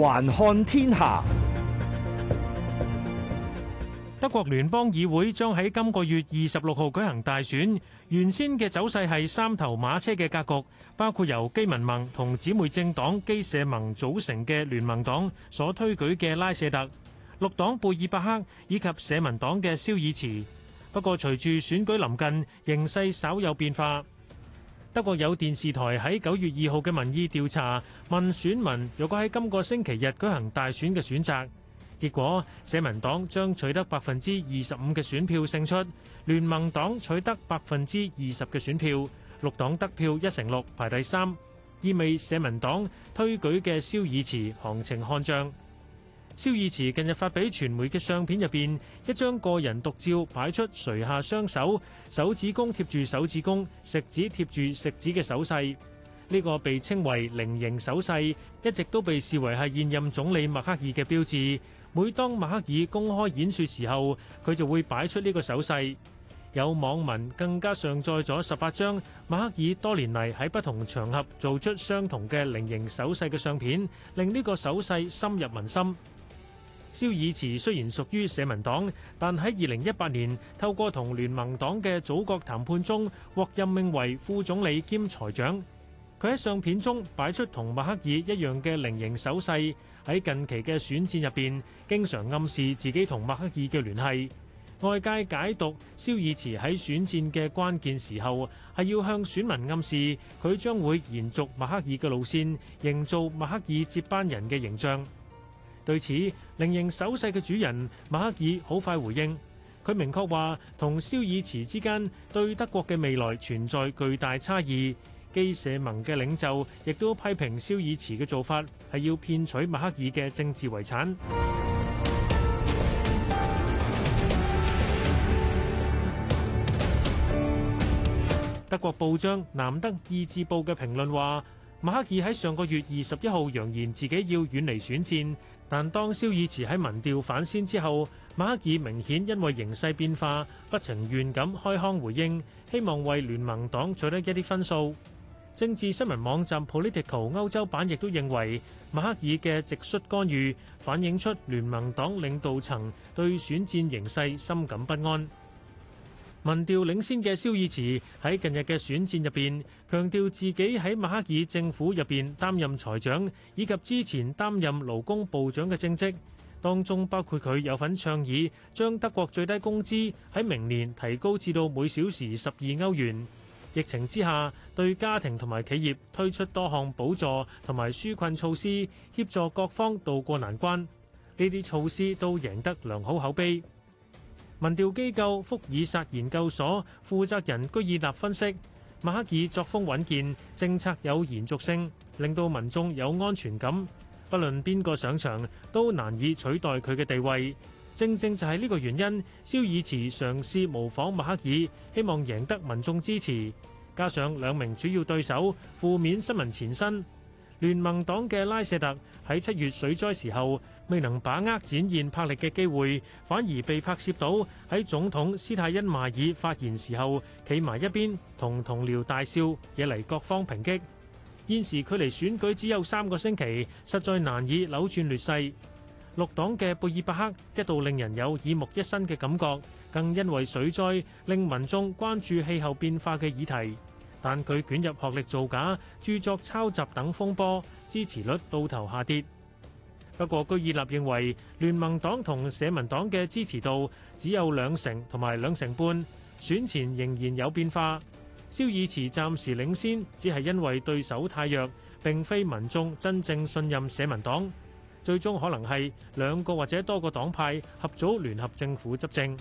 環看天下，德國聯邦議會將喺今個月二十六號舉行大選。原先嘅走勢係三頭馬車嘅格局，包括由基民盟同姊妹政黨基社盟組成嘅聯盟黨所推舉嘅拉舍特，綠黨貝爾伯克以及社民黨嘅肖爾茨。不過，隨住選舉臨近，形勢稍有變化。一個有電視台喺九月二號嘅民意調查問選民，若果喺今個星期日舉行大選嘅選擇，結果社民黨將取得百分之二十五嘅選票勝出，聯盟黨取得百分之二十嘅選票，綠黨得票一成六排第三，意味社民黨推舉嘅肖爾茨行情看漲。肖爾茨近日發俾傳媒嘅相片入邊，一張個人獨照擺出垂下雙手，手指公貼住手指公，食指貼住食指嘅手勢。呢個被稱為菱形手勢，一直都被視為係現任總理默克爾嘅標誌。每當默克爾公開演說時候，佢就會擺出呢個手勢。有網民更加上載咗十八張默克爾多年嚟喺不同場合做出相同嘅菱形手勢嘅相片，令呢個手勢深入民心。肖爾茨雖然屬於社民黨，但喺二零一八年透過同聯盟黨嘅組閣談判中，獲任命為副總理兼財長。佢喺相片中擺出同默克爾一樣嘅菱形手勢，喺近期嘅選戰入邊，經常暗示自己同默克爾嘅聯繫。外界解讀肖爾茨喺選戰嘅關鍵時候，係要向選民暗示佢將會延續默克爾嘅路線，營造默克爾接班人嘅形象。對此，菱形手勢嘅主人默克爾好快回應，佢明確話同肖爾茨之間對德國嘅未來存在巨大差異。基社盟嘅領袖亦都批評肖爾茨嘅做法係要騙取默克爾嘅政治遺產。德國報章《南德意志報》嘅評論話，默克爾喺上個月二十一號揚言自己要遠離選戰。但當肖爾茨喺民調反先之後，默克爾明顯因為形勢變化，不情願咁開腔回應，希望為聯盟黨取得一啲分數。政治新聞網站 Politico 歐洲版亦都認為，默克爾嘅直率干預反映出聯盟黨領導層對選戰形勢深感不安。民調領先嘅肖爾茨喺近日嘅選戰入邊，強調自己喺默克爾政府入邊擔任財長，以及之前擔任勞工部長嘅政績。當中包括佢有份倡議將德國最低工資喺明年提高至到每小時十二歐元。疫情之下，對家庭同埋企業推出多項補助同埋紓困措施，協助各方渡過難關。呢啲措施都贏得良好口碑。民調機構福爾薩研究所負責人居爾納分析，默克爾作風穩健，政策有延續性，令到民眾有安全感。不論邊個上場，都難以取代佢嘅地位。正正就係呢個原因，肖爾茨嘗試模仿默克爾，希望贏得民眾支持。加上兩名主要對手負面新聞纏身。聯盟黨嘅拉舍特喺七月水災時候未能把握展現魄力嘅機會，反而被拍攝到喺總統斯泰恩馬爾發言時候企埋一邊同同僚大笑，惹嚟各方抨擊。現時距離選舉只有三個星期，實在難以扭轉劣勢。綠黨嘅貝爾伯克一度令人有耳目一新嘅感覺，更因為水災令民眾關注氣候變化嘅議題。但佢捲入學歷造假、著作抄襲等風波，支持率到頭下跌。不過，居爾立認為，聯盟黨同社民黨嘅支持度只有兩成同埋兩成半，選前仍然有變化。肖爾茨暫時領先，只係因為對手太弱，並非民眾真正信任社民黨。最終可能係兩個或者多個黨派合組聯合政府執政。